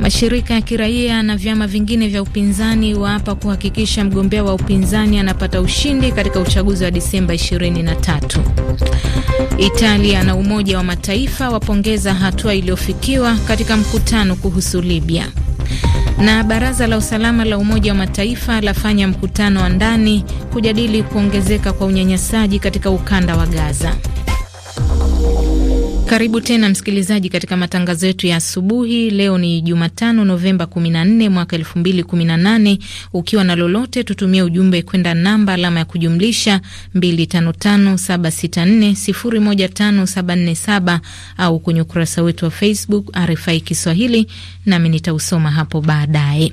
Mashirika ya kiraia na vyama vingine vya upinzani waapa kuhakikisha mgombea wa upinzani anapata ushindi katika uchaguzi wa Disemba 23. Italia na Umoja wa Mataifa wapongeza hatua iliyofikiwa katika mkutano kuhusu Libya. Na Baraza la Usalama la Umoja wa Mataifa lafanya mkutano wa ndani kujadili kuongezeka kwa unyanyasaji katika ukanda wa Gaza. Karibu tena msikilizaji, katika matangazo yetu ya asubuhi. Leo ni Jumatano, Novemba 14 mwaka 2018. Ukiwa na lolote, tutumie ujumbe kwenda namba alama ya kujumlisha 255764015747 au kwenye ukurasa wetu wa Facebook RFI Kiswahili, nami nitausoma hapo baadaye.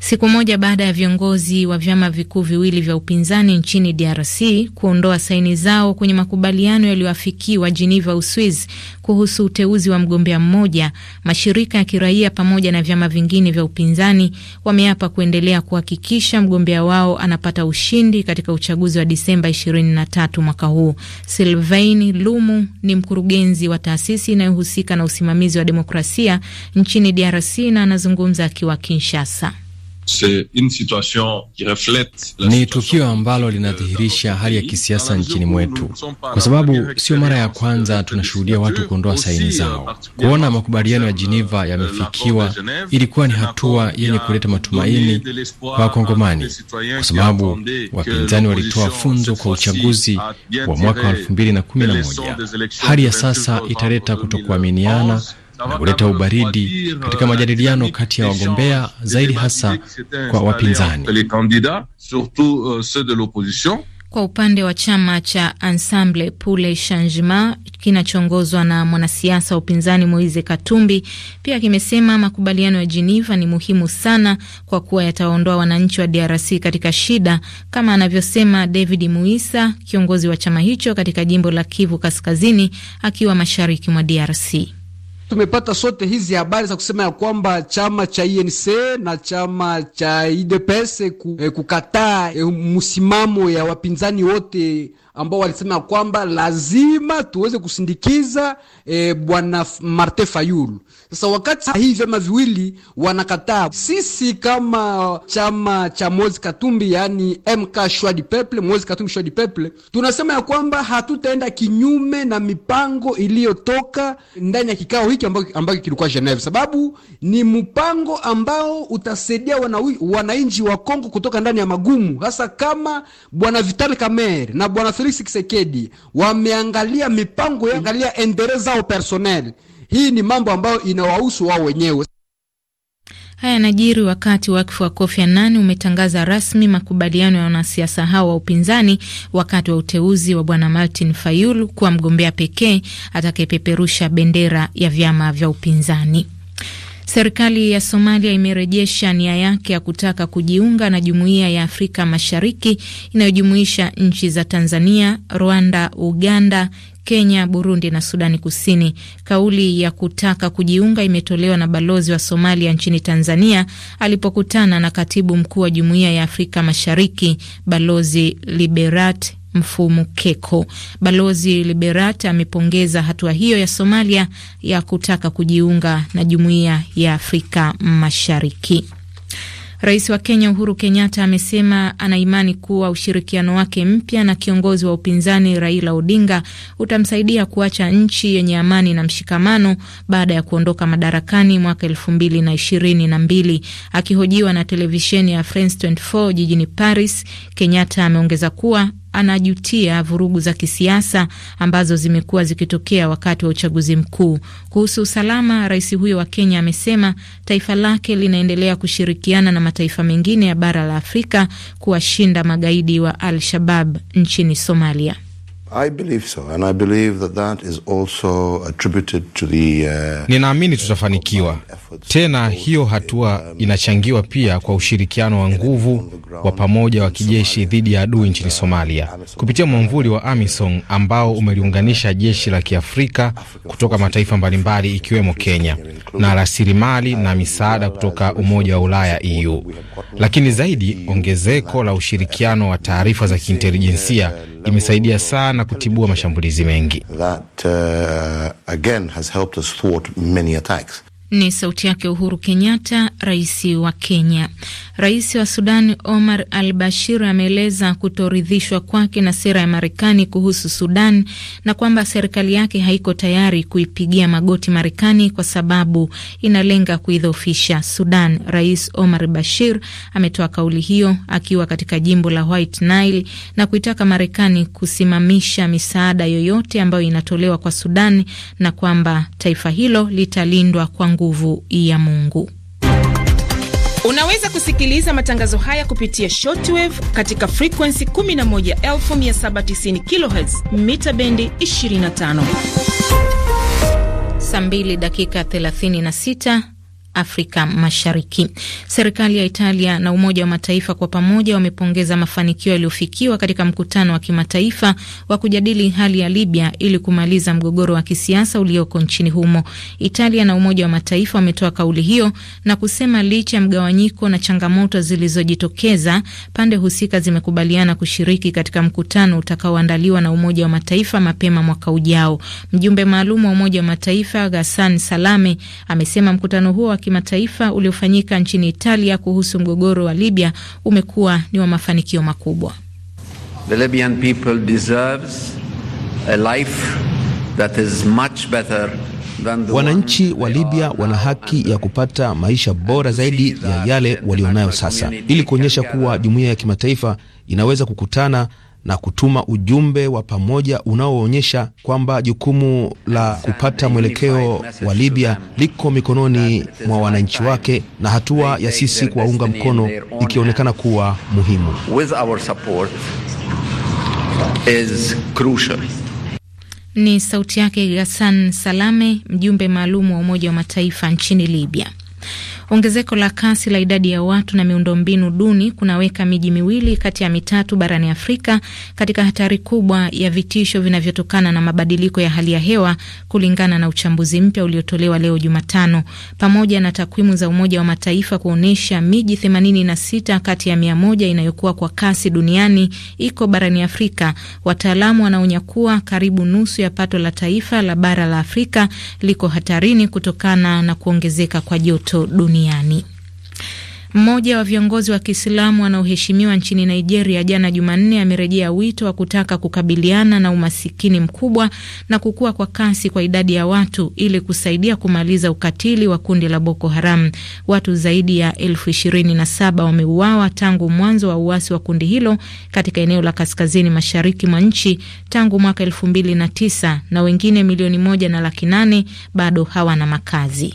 Siku moja baada ya viongozi wa vyama vikuu viwili vya upinzani nchini DRC kuondoa saini zao kwenye makubaliano yaliyoafikiwa Geneva, uswiz kuhusu uteuzi wa mgombea mmoja, mashirika ya kiraia pamoja na vyama vingine vya upinzani wameapa kuendelea kuhakikisha mgombea wao anapata ushindi katika uchaguzi wa Disemba 23 mwaka huu. Sylvain Lumu ni mkurugenzi wa taasisi inayohusika na usimamizi wa demokrasia nchini DRC na anazungumza akiwa Kinshasa. Ni tukio ambalo linadhihirisha hali ya kisiasa nchini mwetu, kwa sababu sio mara ya kwanza tunashuhudia watu kuondoa saini euh, zao. Kuona makubaliano ya jiniva euh, yamefikiwa ilikuwa ni hatua yenye kuleta matumaini kwa Wakongomani, kwa sababu wapinzani walitoa funzo kwa uchaguzi wa mwaka wa elfu mbili na kumi na moja. Hali ya sasa italeta kutokuaminiana na kuleta ubaridi katika majadiliano kati ya wagombea zaidi hasa kwa wapinzani. Euh, kwa upande wa chama cha Ensemble pour le Changement kinachoongozwa na mwanasiasa wa upinzani Moise Katumbi pia kimesema makubaliano ya Geneva ni muhimu sana kwa kuwa yataondoa wananchi wa DRC katika shida, kama anavyosema David Muisa, kiongozi wa chama hicho katika jimbo la Kivu Kaskazini, akiwa mashariki mwa DRC tumepata sote hizi habari za kusema ya kwamba chama cha INC na chama cha IDPS eh, kukataa eh, msimamo ya wapinzani wote ambao walisema kwamba lazima tuweze kusindikiza e, bwana Martin Fayulu. Sasa wakati hii vyama viwili wanakataa, sisi kama chama cha Mozi Katumbi, yani MK Shwadi Peple, Mozi Katumbi Shwadi Peple, tunasema ya kwamba hatutaenda kinyume na mipango iliyotoka ndani ya kikao hiki ambacho kilikuwa Geneva, sababu ni mpango ambao utasaidia wananchi wa Kongo kutoka ndani ya magumu, hasa kama bwana Vital Kamerhe na bwana Felix Kisekedi wameangalia mipango yao, angalia endere zao personnel. Hii ni mambo ambayo inawahusu wao wenyewe. Haya najiri wakati wakfu wa Kofi Annan umetangaza rasmi makubaliano ya wanasiasa hao wa upinzani wakati wa uteuzi wa bwana Martin Fayulu kuwa mgombea pekee atakayepeperusha bendera ya vyama vya upinzani. Serikali ya Somalia imerejesha nia yake ya kutaka kujiunga na jumuiya ya Afrika Mashariki inayojumuisha nchi za Tanzania, Rwanda, Uganda, Kenya, Burundi na Sudani Kusini. Kauli ya kutaka kujiunga imetolewa na balozi wa Somalia nchini Tanzania alipokutana na katibu mkuu wa jumuiya ya Afrika Mashariki, Balozi Liberat Mfumukeko. Balozi liberat amepongeza hatua hiyo ya Somalia ya kutaka kujiunga na Jumuiya ya Afrika Mashariki. Rais wa Kenya Uhuru Kenyatta amesema ana imani kuwa ushirikiano wake mpya na kiongozi wa upinzani Raila Odinga utamsaidia kuacha nchi yenye amani na mshikamano baada ya kuondoka madarakani mwaka elfu mbili na ishirini na mbili. Akihojiwa na televisheni ya France 24 jijini Paris, Kenyatta ameongeza kuwa anajutia vurugu za kisiasa ambazo zimekuwa zikitokea wakati wa uchaguzi mkuu. Kuhusu usalama, rais huyo wa Kenya amesema taifa lake linaendelea kushirikiana na mataifa mengine ya bara la Afrika kuwashinda magaidi wa Al-Shabab nchini Somalia. Uh, Ninaamini tutafanikiwa. Tena hiyo hatua um, inachangiwa pia kwa ushirikiano wa nguvu wa pamoja wa kijeshi dhidi ya adui nchini uh, Somalia kupitia mwamvuli wa AMISOM ambao umeliunganisha jeshi la Kiafrika kutoka mataifa mbalimbali ikiwemo Kenya na rasilimali na misaada kutoka Umoja wa Ulaya EU. Lakini zaidi, ongezeko la ushirikiano wa taarifa za uh, kiintelijensia imesaidia sana na kutibua mashambulizi mengi that, uh, again has helped us thwart many attacks. Ni sauti yake Uhuru Kenyatta, rais wa Kenya. Rais wa Sudani Omar al Bashir ameeleza kutoridhishwa kwake na sera ya Marekani kuhusu Sudan na kwamba serikali yake haiko tayari kuipigia magoti Marekani kwa sababu inalenga kuidhofisha Sudan. Rais Omar Bashir ametoa kauli hiyo akiwa katika jimbo la White Nile na kuitaka Marekani kusimamisha misaada yoyote ambayo inatolewa kwa Sudan na kwamba taifa hilo litalindwa kwa nguvu ya Mungu. Unaweza kusikiliza matangazo haya kupitia shortwave katika frekuensi 11790 kHz mita bendi 25, saa 2 dakika 36 Afrika Mashariki. Serikali ya Italia na Umoja wa Mataifa kwa pamoja wamepongeza mafanikio yaliyofikiwa katika mkutano wa kimataifa wa kujadili hali ya Libya ili kumaliza mgogoro wa kisiasa ulioko nchini humo. Italia na Umoja wa Mataifa wametoa kauli hiyo na kusema licha ya mgawanyiko na changamoto zilizojitokeza, pande husika zimekubaliana kushiriki katika mkutano utakaoandaliwa na Umoja wa Mataifa mapema mwaka ujao. Mjumbe maalum wa Umoja wa Mataifa Ghassan Salame amesema mkutano huo wa kimataifa uliofanyika nchini Italia kuhusu mgogoro wa Libya umekuwa ni wa mafanikio makubwa. The Libyan people deserves a life that is much better than the wananchi wa Libya wana haki ya kupata maisha bora zaidi ya yale walionayo sasa, ili kuonyesha kuwa jumuiya ya kimataifa inaweza kukutana na kutuma ujumbe wa pamoja unaoonyesha kwamba jukumu la kupata mwelekeo wa Libya liko mikononi mwa wananchi wake, na hatua ya sisi kuwaunga mkono ikionekana kuwa muhimu. Ni sauti yake Ghassan Salame, mjumbe maalum wa Umoja wa Mataifa nchini Libya. Ongezeko la kasi la idadi ya watu na miundombinu duni kunaweka miji miwili kati ya mitatu barani Afrika katika hatari kubwa ya vitisho vinavyotokana na mabadiliko ya hali ya hewa, kulingana na uchambuzi mpya uliotolewa leo Jumatano, pamoja na takwimu za Umoja wa Mataifa kuonyesha miji 86 kati ya 100 inayokuwa kwa kasi duniani iko barani Afrika. Wataalamu wanaonya kuwa karibu nusu ya pato la taifa la bara la Afrika liko hatarini kutokana na kuongezeka kwa joto duniani duniani. Mmoja wa viongozi wa Kiislamu wanaoheshimiwa nchini Nigeria jana Jumanne amerejea wito wa kutaka kukabiliana na umasikini mkubwa na kukua kwa kasi kwa idadi ya watu ili kusaidia kumaliza ukatili wa kundi la Boko Haram. Watu zaidi ya elfu ishirini na saba wameuawa tangu mwanzo wa uasi wa kundi hilo katika eneo la kaskazini mashariki mwa nchi tangu mwaka elfu mbili na tisa na wengine milioni moja na laki nane bado hawana makazi.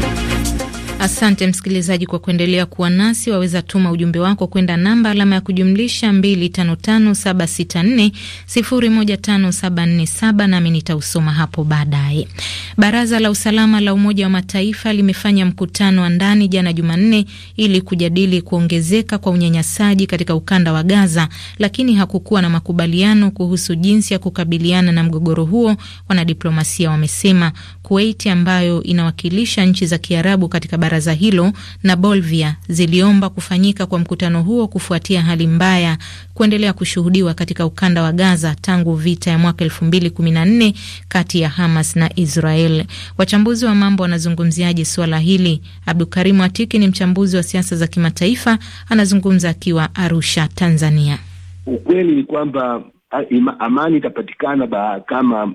Asante msikilizaji kwa kuendelea kuwa nasi. Waweza tuma ujumbe wako kwenda namba alama ya kujumlisha 255764015747 nami nitausoma hapo baadaye. Baraza la usalama la Umoja wa Mataifa limefanya mkutano wa ndani jana Jumanne ili kujadili kuongezeka kwa unyanyasaji katika ukanda wa Gaza, lakini hakukuwa na makubaliano kuhusu jinsi ya kukabiliana na mgogoro huo, wanadiplomasia wamesema. Kuwait ambayo inawakilisha nchi za Kiarabu katika baraza hilo na Bolivia ziliomba kufanyika kwa mkutano huo kufuatia hali mbaya kuendelea kushuhudiwa katika ukanda wa Gaza tangu vita ya mwaka 2014 kati ya Hamas na Israel. Wachambuzi wa mambo wanazungumziaje suala hili? karimu Atiki ni mchambuzi wa siasa za kimataifa, anazungumza akiwa Arusha, Tanzania. Ukweli ni kwamba amani itapatikana kama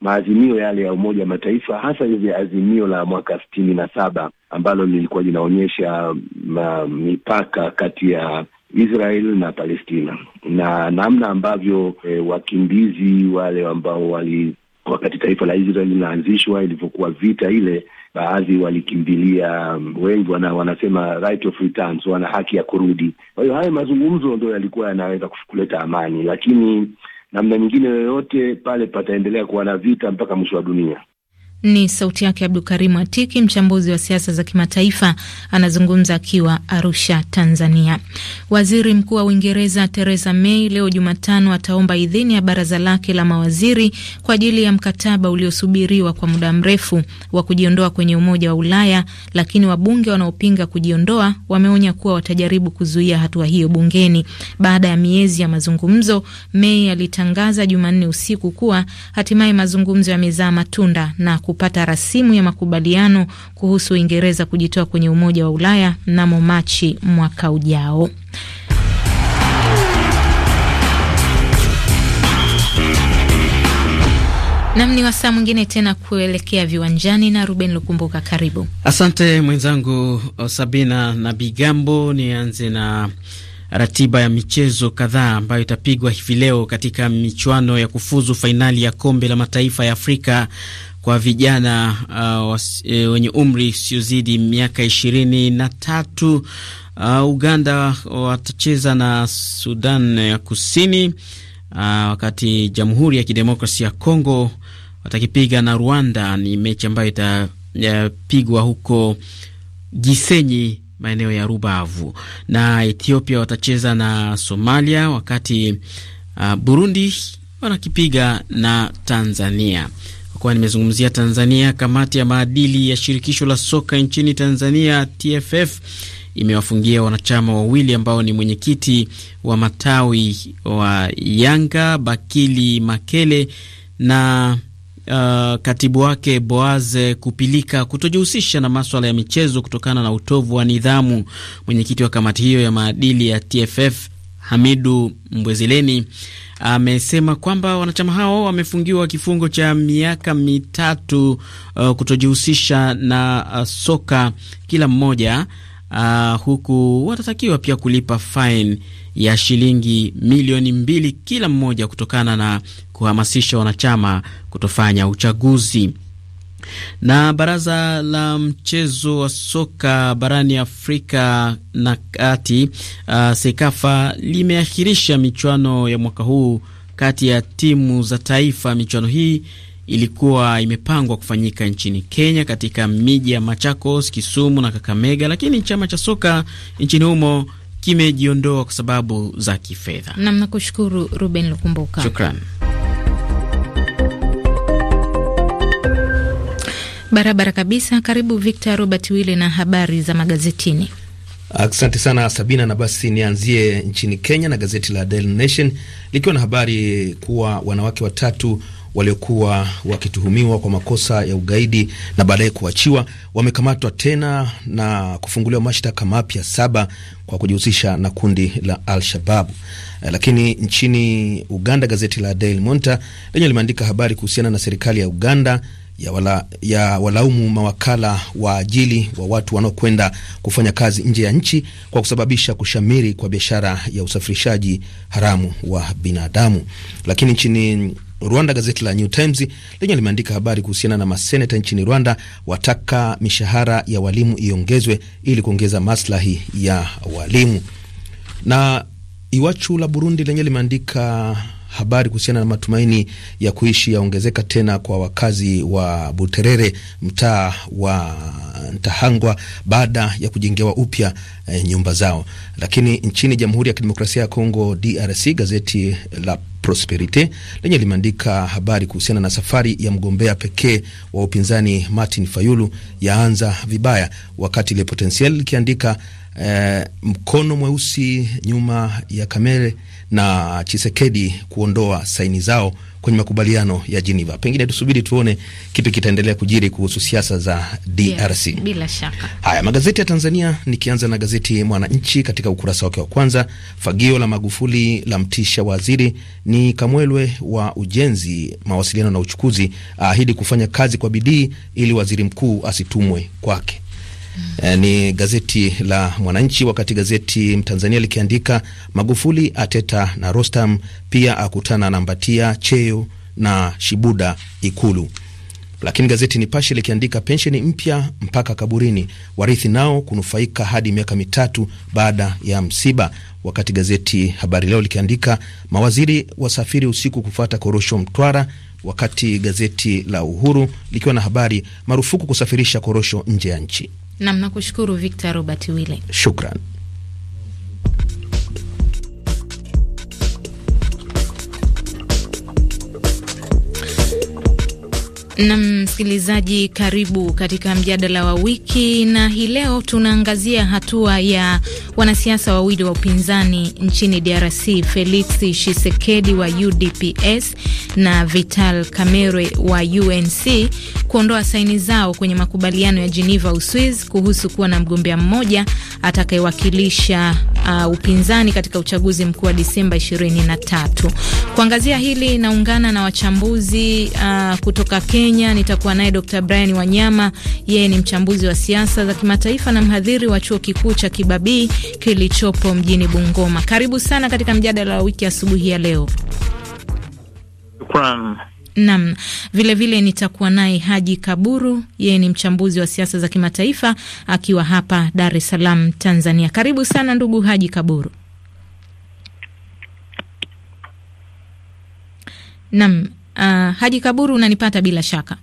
maazimio yale ya Umoja wa Mataifa, hasa hivi azimio la mwaka sitini na saba ambalo lilikuwa linaonyesha um, um, mipaka kati ya Israel na Palestina na namna ambavyo e, wakimbizi wale ambao wali wakati taifa la Israel linaanzishwa, ilivyokuwa vita ile, baadhi walikimbilia, um, wengi wana, wanasema right of returns, wana haki ya kurudi. Kwa hiyo haya mazungumzo ndo yalikuwa yanaweza kuleta amani, lakini namna nyingine yoyote pale pataendelea kuwa na vita mpaka mwisho wa dunia. Ni sauti yake Karimu Atiki, mchambuzi wa siasa za kimataifa, anazungumza akiwa Arusha, Tanzania. Waziri Mkuu wa Uingereza Theresa May leo Jumatano ataomba idhini ya baraza lake la mawaziri kwa ajili ya mkataba uliosubiriwa kwa muda mrefu wa kujiondoa kwenye Umoja wa Ulaya, lakini wabunge wanaopinga kujiondoa wameonya kuwa watajaribu kuzuia hatua hiyo bungeni. Baada ya miezi ya mazungumzo, May alitangaza Jumanne usiku kuwa hatimaye mazungumzo yamezaa matunda na kupata rasimu ya makubaliano kuhusu Uingereza kujitoa kwenye Umoja wa Ulaya mnamo Machi mwaka ujao. Nam ni wasaa mwingine tena kuelekea viwanjani na Ruben Lukumbuka, karibu. Asante mwenzangu uh, Sabina na Bigambo. Nianze na ratiba ya michezo kadhaa ambayo itapigwa hivi leo katika michuano ya kufuzu fainali ya kombe la mataifa ya Afrika kwa vijana uh, was, e, wenye umri usiozidi miaka ishirini na tatu. Uh, Uganda watacheza na Sudan ya Kusini, uh, wakati Jamhuri ya Kidemokrasia ya Kongo watakipiga na Rwanda. Ni mechi ambayo itapigwa huko Gisenyi, maeneo ya Rubavu, na Ethiopia watacheza na Somalia, wakati uh, Burundi wanakipiga na Tanzania kwa nimezungumzia Tanzania. Kamati ya maadili ya shirikisho la soka nchini Tanzania TFF imewafungia wanachama wawili ambao ni mwenyekiti wa matawi wa Yanga Bakili Makele na uh, katibu wake Boaze Kupilika kutojihusisha na maswala ya michezo kutokana na utovu wa nidhamu. Mwenyekiti wa kamati hiyo ya maadili ya TFF Hamidu Mbwezileni amesema kwamba wanachama hao wamefungiwa kifungo cha miaka mitatu uh, kutojihusisha na uh, soka kila mmoja uh, huku watatakiwa pia kulipa faini ya shilingi milioni mbili kila mmoja kutokana na kuhamasisha wanachama kutofanya uchaguzi. Na baraza la mchezo wa soka barani Afrika na kati uh, Sekafa limeahirisha michuano ya mwaka huu kati ya timu za taifa. Michuano hii ilikuwa imepangwa kufanyika nchini Kenya katika miji ya Machakos, Kisumu na Kakamega, lakini chama cha soka nchini humo kimejiondoa kwa sababu za kifedha. Namna kushukuru Ruben Lukumbuka, shukran. Barabara kabisa. Karibu Victor Robert Wille na habari za magazetini. Asante sana Sabina, na basi nianzie nchini Kenya na gazeti la Daily Nation likiwa na habari kuwa wanawake watatu waliokuwa wakituhumiwa kwa makosa ya ugaidi na baadaye kuachiwa wamekamatwa tena na kufunguliwa mashtaka mapya saba kwa kujihusisha na kundi la Al-Shababu. Eh, lakini nchini Uganda gazeti la Daily Monitor lenye limeandika habari kuhusiana na serikali ya Uganda ya, wala, ya walaumu mawakala wa ajili wa watu wanaokwenda kufanya kazi nje ya nchi kwa kusababisha kushamiri kwa biashara ya usafirishaji haramu wa binadamu. Lakini nchini Rwanda, gazeti la New Times lenye limeandika habari kuhusiana na maseneta nchini Rwanda wataka mishahara ya walimu iongezwe ili kuongeza maslahi ya walimu. Na Iwachu la Burundi lenye limeandika habari kuhusiana na matumaini ya kuishi yaongezeka tena kwa wakazi wa Buterere, mtaa wa Ntahangwa, baada ya kujengewa upya e, nyumba zao. Lakini nchini Jamhuri ya Kidemokrasia ya Kongo, DRC, gazeti la Prosperite lenye limeandika habari kuhusiana na safari ya mgombea pekee wa upinzani Martin Fayulu yaanza vibaya, wakati Le Potentiel likiandika Eh, mkono mweusi nyuma ya Kamere na Chisekedi kuondoa saini zao kwenye makubaliano ya Geneva. Pengine tusubiri tuone kipi kitaendelea kujiri kuhusu siasa za DRC. Yes, bila shaka. Haya, magazeti ya Tanzania nikianza na gazeti Mwananchi katika ukurasa wake wa kwanza, fagio la Magufuli la mtisha waziri ni Kamwelwe wa ujenzi, mawasiliano na uchukuzi, aahidi kufanya kazi kwa bidii ili waziri mkuu asitumwe kwake. Eh, ni gazeti la Mwananchi, wakati gazeti Mtanzania likiandika Magufuli ateta na Rostam, pia akutana na Mbatia, Cheo na Shibuda Ikulu. Lakini gazeti Nipashe likiandika pensheni mpya mpaka kaburini, warithi nao kunufaika hadi miaka mitatu baada ya msiba. Wakati gazeti Habari Leo likiandika mawaziri wasafiri usiku kufuata korosho Mtwara, wakati gazeti la Uhuru likiwa na habari marufuku kusafirisha korosho nje ya nchi. Nam, nakushukuru Victor Robert wille shukran. Na msikilizaji, karibu katika mjadala wa wiki, na hii leo tunaangazia hatua ya wanasiasa wawili wa upinzani nchini DRC, Felix Tshisekedi wa UDPS na Vital Kamerhe wa UNC kuondoa saini zao kwenye makubaliano ya Geneva, Uswiz, kuhusu kuwa na mgombea mmoja atakayewakilisha uh, upinzani katika uchaguzi mkuu wa Disemba 23. Kuangazia hili naungana na wachambuzi uh, kutoka Kenya. Nitakuwa naye Dr. Brian Wanyama, yeye ni mchambuzi wa siasa za kimataifa na mhadhiri wa chuo kikuu cha Kibabii kilichopo mjini Bungoma. Karibu sana katika mjadala wa wiki asubuhi ya leo. Shukran. Nam vilevile nitakuwa naye Haji Kaburu, yeye ni mchambuzi wa siasa za kimataifa akiwa hapa Dar es Salaam, Tanzania. Karibu sana ndugu Haji Kaburu. Nam uh, Haji Kaburu, unanipata bila shaka?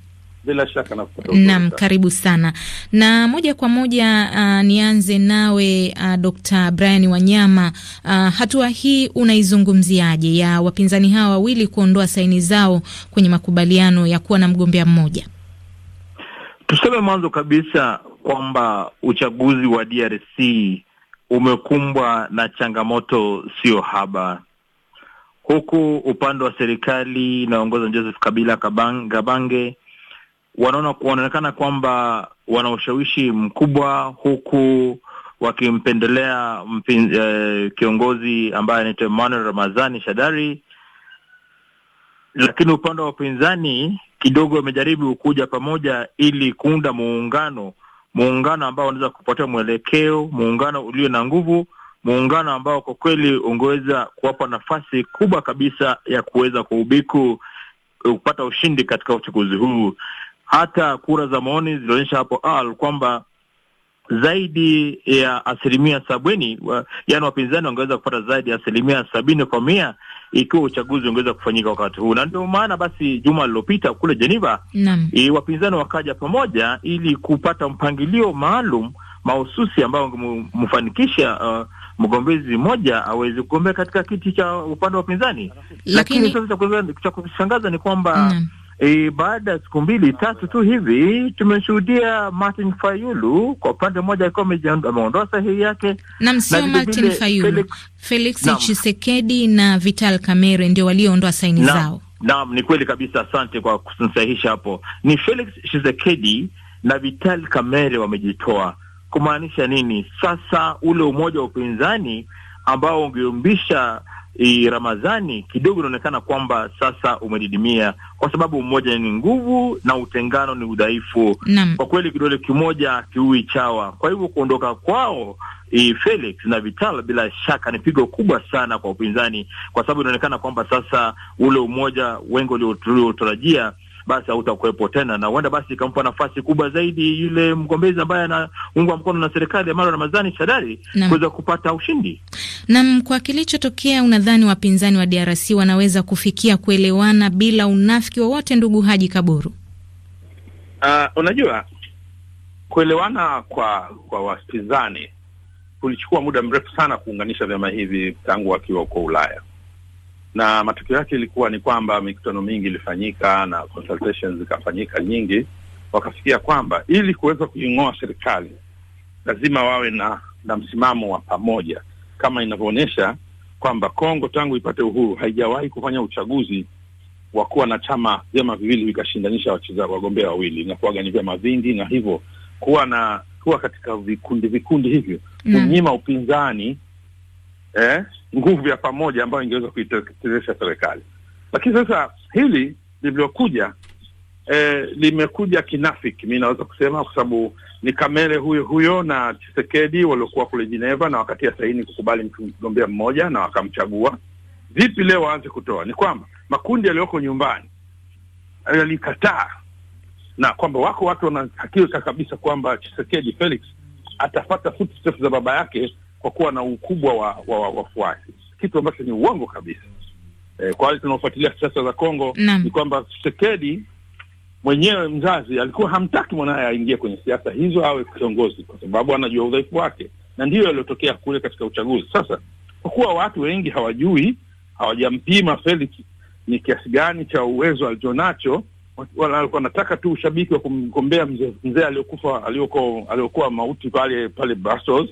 bila shaka Naam, karibu sana na moja kwa moja uh, nianze nawe uh, Dr. Brian Wanyama, uh, hatua hii unaizungumziaje ya wapinzani hawa wawili kuondoa saini zao kwenye makubaliano ya kuwa na mgombea mmoja? Tuseme mwanzo kabisa kwamba uchaguzi wa DRC umekumbwa na changamoto sio haba, huku upande wa serikali inaongoza Joseph Kabila Kabange wanaona wanaonekana kwamba wana ushawishi mkubwa, huku wakimpendelea mpin, eh, kiongozi ambaye anaitwa Emmanuel Ramazani Shadari, lakini upande wa upinzani kidogo wamejaribu kuja pamoja ili kuunda muungano, muungano ambao unaweza kupatia mwelekeo, muungano ulio na nguvu, muungano ambao kwa kweli ungeweza kuwapa nafasi kubwa kabisa ya kuweza kuubiku kupata ushindi katika uchaguzi huu. Hata kura za maoni zilionyesha hapo al kwamba zaidi ya asilimia sabini wa, yaani wapinzani wangeweza kupata zaidi ya asilimia sabini kwa mia ikiwa uchaguzi ungeweza kufanyika wakati huu, na ndio maana basi juma lilopita kule Geneva e, wapinzani wakaja pamoja ili kupata mpangilio maalum mahususi ambao wangemfanikisha uh, mgombezi mmoja aweze kugombea katika kiti cha upande wa upinzani, lakini sasa cha kushangaza ni kwamba Nam. E, baada ya siku mbili tatu tu hivi tumeshuhudia Martin Fayulu kwa upande mmoja alikuwa ameondoa sahihi yake, na sio Martin Fayulu, Felix Chisekedi na Vital Kamerhe ndio walioondoa saini na zao. Naam, ni kweli kabisa, asante kwa kusahisha hapo. Ni Felix chisekedi na Vital Kamerhe wamejitoa, kumaanisha nini? Sasa ule umoja wa upinzani ambao ungeumbisha Ramadhani kidogo inaonekana kwamba sasa umedidimia, kwa sababu umoja ni nguvu na utengano ni udhaifu. Kwa kweli kidole kimoja kiui chawa. Kwa hivyo kuondoka kwao Felix na Vital bila shaka ni pigo kubwa sana kwa upinzani, kwa sababu inaonekana kwamba sasa ule umoja wengi waliotarajia basi hautakuwepo tena, na huenda basi ikampa nafasi kubwa zaidi yule mgombezi ambaye anaungwa mkono na serikali ya Mara Ramadhani Shadari kuweza kupata ushindi. Nam, kwa kilichotokea, unadhani wapinzani wa DRC wanaweza kufikia kuelewana bila unafiki wowote? Ndugu Haji Kaburu. Uh, unajua kuelewana kwa kwa wapinzani kulichukua muda mrefu sana kuunganisha vyama hivi tangu wakiwa huko Ulaya na matokeo yake ilikuwa ni kwamba mikutano mingi ilifanyika na consultations zikafanyika nyingi, wakafikia kwamba ili kuweza kuing'oa serikali lazima wawe na, na msimamo wa pamoja, kama inavyoonyesha kwamba Kongo tangu ipate uhuru haijawahi kufanya uchaguzi wa kuwa na chama vyama viwili vikashindanisha wagombea wawili na kuwaga ni vyama vingi, na hivyo kuwa na kuwa katika vikundi vikundi hivyo mm. kunyima upinzani eh, nguvu ya pamoja ambayo ingeweza kuitelezesha serikali. Lakini sasa hili lilivyokuja eh, limekuja kinafiki, mi naweza kusema kwa sababu ni Kamere huyo huyo na Chisekedi waliokuwa kule jineva na wakatia saini kukubali mgombea mmoja na wakamchagua. Vipi leo waanze kutoa? Ni kwamba makundi yaliyoko nyumbani yalikataa, na kwamba wako watu wanahakika kabisa kwamba Chisekedi Felix atafata footsteps za baba yake kwa kuwa na ukubwa wa, wa, wa wafuasi, kitu ambacho ni uongo kabisa. E, kwa wale tunaofuatilia siasa za Kongo ni kwamba Tshisekedi mwenyewe mzazi alikuwa hamtaki mwanaye aingie kwenye siasa hizo awe kiongozi, kwa sababu anajua udhaifu wake, na ndiyo yaliyotokea kule katika uchaguzi. Sasa kwa kuwa watu wengi hawajui, hawajampima Felix ni kiasi gani cha uwezo alichonacho, wanataka tu ushabiki wa kumgombea mzee mzee aliyokufa aliyokuwa mauti pale pale Brussels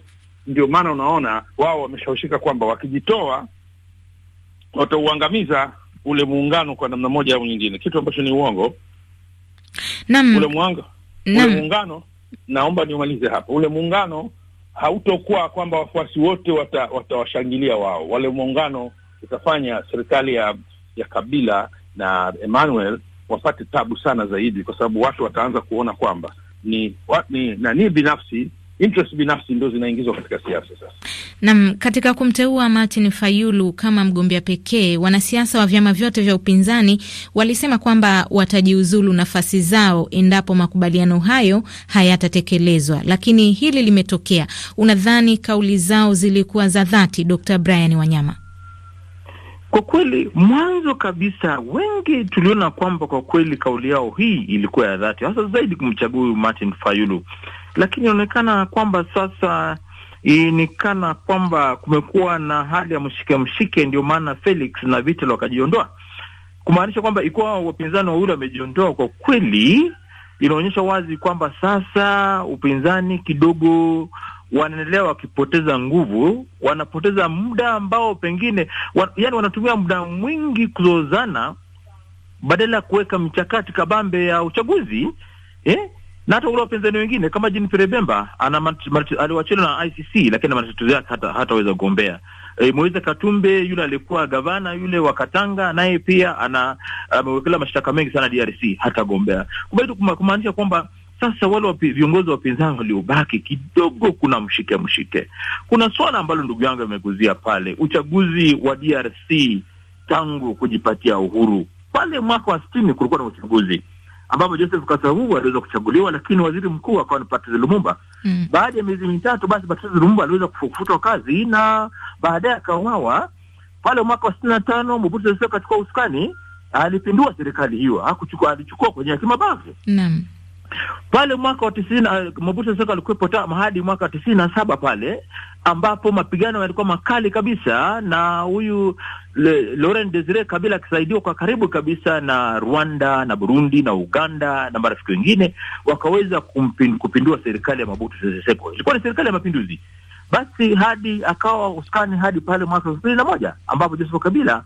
ndio maana unaona wao wameshawishika kwamba wakijitoa watauangamiza ule muungano kwa namna moja au nyingine, kitu ambacho ni uongo. Nam, ule muanga, ule muungano, naomba niumalize hapo. Ule muungano hautokuwa kwamba wafuasi wote watawashangilia wata wao, wale muungano utafanya serikali ya ya Kabila na Emmanuel wapate tabu sana zaidi, kwa sababu watu wataanza kuona kwamba ni, wa, ni nani binafsi interest binafsi ndo zinaingizwa katika siasa sasa. nam, katika kumteua Martin Fayulu kama mgombea pekee, wanasiasa wa vyama vyote vya upinzani walisema kwamba watajiuzulu nafasi zao endapo makubaliano hayo hayatatekelezwa, lakini hili limetokea. Unadhani kauli zao zilikuwa za dhati, Dr. Brian Wanyama? Kwa kweli mwanzo kabisa wengi tuliona kwamba kwa kweli kauli yao hii ilikuwa ya dhati, hasa zaidi kumchagua huyu Martin Fayulu, lakini inaonekana kwamba sasa inikana kwamba kumekuwa na hali ya mshike mshike, ndio maana Felix na Vital wakajiondoa, kumaanisha kwamba ikiwa wapinzani wawili wamejiondoa, kwa kweli inaonyesha wazi kwamba sasa upinzani kidogo wanaendelea wakipoteza nguvu, wanapoteza muda ambao pengine wa, yani wanatumia muda mwingi kuzozana badala ya kuweka mchakati kabambe ya uchaguzi eh? na hata ule wapinzani wengine kama Jean Pierre Bemba aliwachiliwa na ICC, lakini na matatizo yake hata hataweza kugombea. E, Moise Katumbe yule alikuwa gavana yule wa Katanga, naye pia ana amewekelewa mashtaka mengi sana DRC, hatagombea. Kumaanisha kwamba sasa wale wapi, viongozi wa upinzani waliobaki kidogo, kuna mshike mshike. Kuna swala ambalo ndugu yangu ameguzia pale, uchaguzi wa DRC tangu kujipatia uhuru pale mwaka wa sitini kulikuwa na uchaguzi ambapo Joseph Kasavubu aliweza kuchaguliwa, lakini waziri mkuu akawa ni Patrice Lumumba. Mm. Baada ya miezi mitatu, basi Patrice Lumumba aliweza kufutwa kazi na baadaye akauawa pale mwaka wa sitini na tano. Mobutu Sese Seko katika usukani alipindua serikali hiyo, hakuchukua, alichukua kwenye kimabavu. Naam pale mwaka wa tisini Mobutu Sese alikuwepo hadi mwaka wa tisini na saba pale ambapo mapigano yalikuwa makali kabisa, na huyu Laurent Desire Kabila akisaidiwa kwa karibu kabisa na Rwanda na Burundi na Uganda na marafiki wengine wakaweza kumpin, kupindua serikali ya Mobutu Sese Seko. Ilikuwa ni serikali ya mapinduzi, basi hadi akawa uskani hadi pale mwaka elfu mbili na moja ambapo Joseph Kabila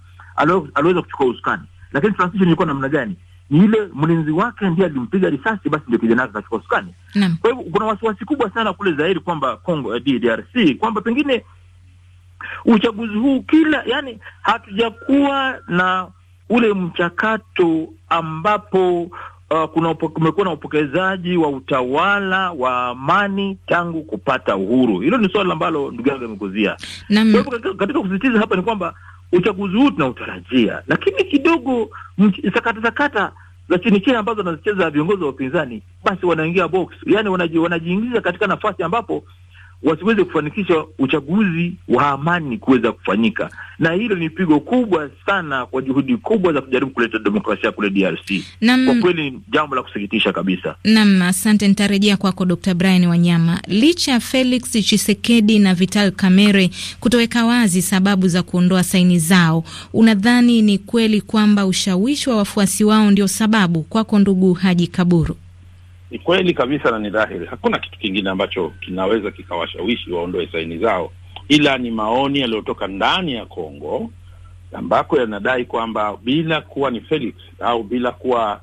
aliweza kuchukua uskani. Lakini transition ilikuwa namna gani? yule mlinzi wake ndiye alimpiga risasi, basi ndio kijana wake kachukua usukani. Kwa hivyo kuna wasiwasi kubwa sana kule Zairi kwamba Kongo, eh, DRC kwamba pengine uchaguzi huu kila, yani hatujakuwa na ule mchakato ambapo Uh, kuna kumekuwa na upokezaji wa utawala wa amani tangu kupata uhuru. Hilo ni swala ambalo ndugu yangu amekuzia. katika kusisitiza hapa ni kwamba uchaguzi huu tunautarajia, lakini kidogo sakata sakata za chini chini ambazo wanazicheza viongozi wa upinzani, basi wanaingia box, yani wanajiingiza katika nafasi ambapo wasiweze kufanikisha uchaguzi wa amani kuweza kufanyika, na hilo ni pigo kubwa sana kwa juhudi kubwa za kujaribu kuleta demokrasia kule DRC. Kwa kweli ni jambo la kusikitisha kabisa. Naam, asante. Nitarejea kwako Dr. Brian Wanyama. Licha ya Felix chisekedi na Vital Kamerhe kutoweka wazi sababu za kuondoa saini zao, unadhani ni kweli kwamba ushawishi wa wafuasi wao ndio sababu? Kwako ndugu Haji Kaburu. Ni kweli kabisa na ni dhahiri, hakuna kitu kingine ambacho kinaweza kikawashawishi waondoe saini zao, ila ni maoni yaliyotoka ndani ya Kongo ambako yanadai kwamba bila kuwa ni Felix au bila kuwa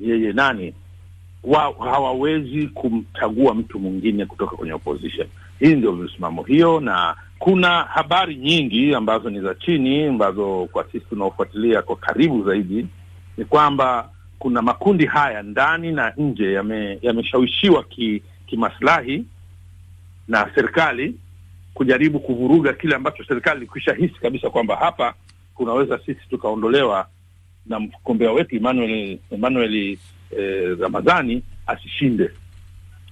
yeye nani wa, hawawezi kumchagua mtu mwingine kutoka kwenye opposition. Hii ndio msimamo hiyo, na kuna habari nyingi ambazo ni za chini ambazo kwa sisi tunaofuatilia kwa karibu zaidi ni kwamba kuna makundi haya ndani na nje yameshawishiwa yame kimaslahi ki na serikali kujaribu kuvuruga kile ambacho serikali ilikwisha hisi kabisa kwamba hapa kunaweza sisi tukaondolewa na mgombea wetu Emmanuel, Emmanuel eh, Ramadhani asishinde.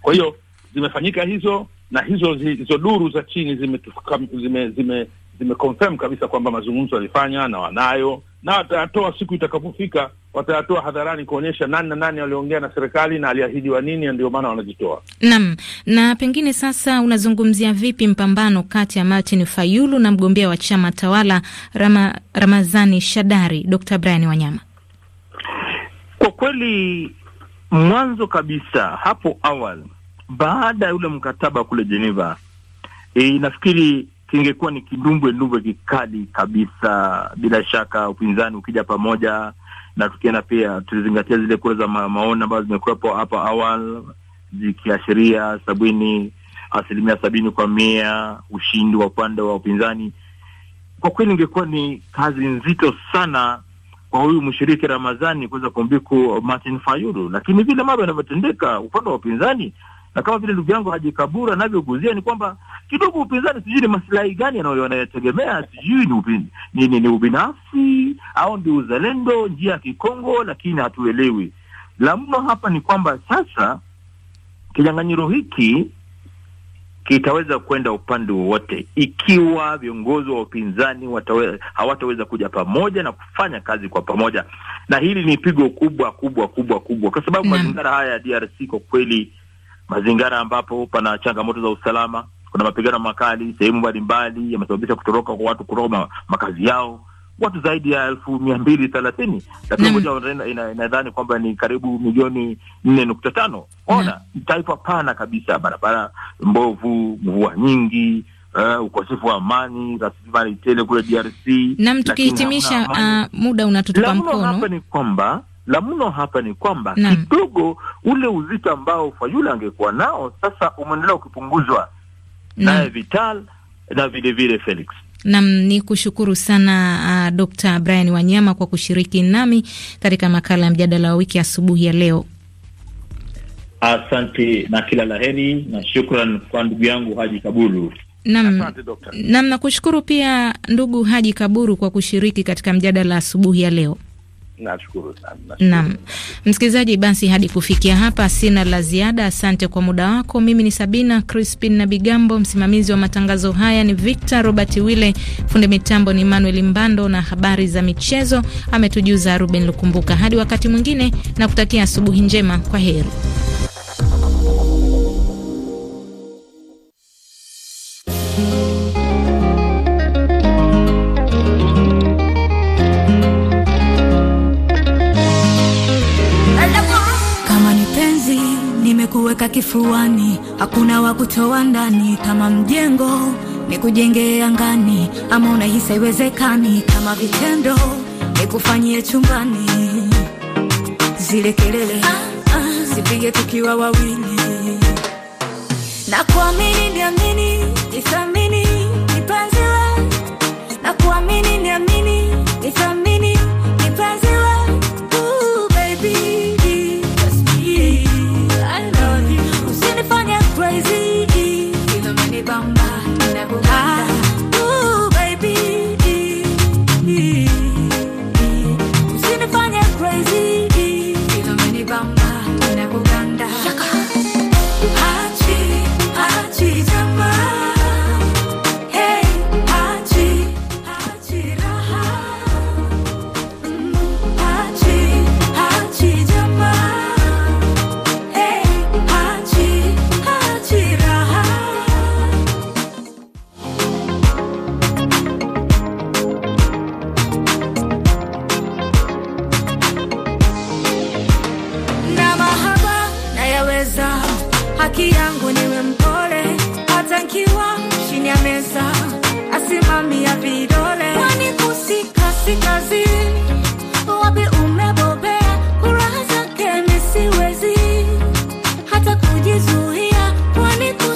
Kwa hiyo zimefanyika hizo na hizo hizo duru za chini zimeconfirm zime, zime, kabisa kwamba mazungumzo alifanya na wanayo na atatoa siku itakapofika watayatoa hadharani kuonyesha nani na nani waliongea na serikali na aliahidiwa nini, ndio maana wanajitoa. Naam, na pengine sasa unazungumzia vipi mpambano kati ya Martin Fayulu na mgombea wa chama tawala Rama, Ramazani Shadari? Dr. Brian Wanyama. Kwa kweli mwanzo kabisa hapo awali, baada ya ule mkataba kule Geneva, e, nafikiri kingekuwa ni kidumbwe ndumbwe kikali kabisa. Bila shaka upinzani ukija pamoja na tukienda pia tulizingatia zile kura za ma maoni ambazo zimekuwepo hapo awali zikiashiria sabini asilimia sabini kwa mia ushindi wa upande wa upinzani. Kwa kweli ingekuwa ni kazi nzito sana kwa huyu mshiriki Ramadhani kuweza kumbiku Martin Fayulu, lakini vile mambo yanavyotendeka upande wa upinzani na kama vile ndugu yangu Haji Kabura anavyoguzia ni kwamba kidogo upinzani, sijui ni masilahi gani yanayotegemea, sijui ni, ni, ni, ni ubinafsi au ndio uzalendo, njia ya kikongo, lakini hatuelewi. La mno hapa ni kwamba sasa kinyang'anyiro hiki kitaweza kwenda upande wowote ikiwa viongozi wa upinzani hawataweza kuja pamoja na kufanya kazi kwa pamoja, na hili ni pigo kubwa kubwa kubwa kubwa, kwa sababu mm Mazingira haya ya DRC kwa kweli, mazingira ambapo pana changamoto za usalama, kuna mapigano makali sehemu mbalimbali, yamesababisha kutoroka kwa watu kutoka makazi yao watu zaidi ya elfu mia mbili thelathini lakini mm. moja inadhani kwamba ni karibu milioni nne nukta tano ona mm. taifa pana kabisa barabara mbovu mvua nyingi Uh, ukosefu wa amani, rasilimali tele kule DRC. Nam, tukihitimisha, uh, muda unatutupa mkono. Hapa ni kwamba la mno hapa ni kwamba kidogo ule uzito ambao Fayula angekuwa nao sasa umeendelea ukipunguzwa naye Vital na vilevile Felix Nam ni kushukuru sana uh, ah, Dr Brian Wanyama kwa kushiriki nami katika makala ya mjadala wa wiki asubuhi ya leo. Asante na kila laheri na shukran kwa ndugu yangu Haji Kaburu. Nam, nam nakushukuru pia ndugu Haji Kaburu kwa kushiriki katika mjadala asubuhi ya leo. Nashukuru sana. Naam, msikilizaji, basi hadi kufikia hapa sina la ziada. Asante kwa muda wako. Mimi ni Sabina Crispin na Bigambo, msimamizi wa matangazo haya ni Victor Robert Wille, fundi mitambo ni Manuel Mbando, na habari za michezo ametujuza Ruben Lukumbuka. Hadi wakati mwingine, na kutakia asubuhi njema. Kwa heri. kifuani, hakuna wa kutoa ndani. Kama mjengo ni kujengea ngani, ama unahisa iwezekani Kama vitendo ni kufanyie chumbani. Zile kelele ah, ah, zipige tukiwa wawili, na kuamini niamini, jithamini, nipanziwe, na kuamini niamini, jithamini haki yangu niwe mpole, hata nkiwa chini ya meza asimamia vidole, kwani kusikasi kazi wapi umebobea, kuraha zake misiwezi hata kujizuia, kwani kujizuia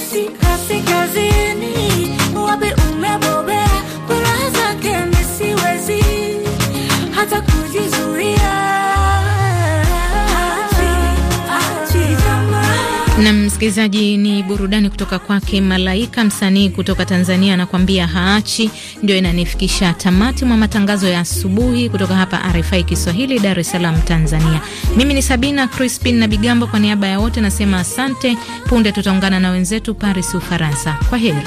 msikilizaji, ni burudani kutoka kwake Malaika, msanii kutoka Tanzania, anakuambia haachi. Ndio inanifikisha tamati mwa matangazo ya asubuhi kutoka hapa RFI Kiswahili, Dar es Salaam, Tanzania. Mimi ni Sabina Crispin na Bigambo, kwa niaba ya wote nasema asante. Punde tutaungana na wenzetu Paris, Ufaransa. Kwa heri.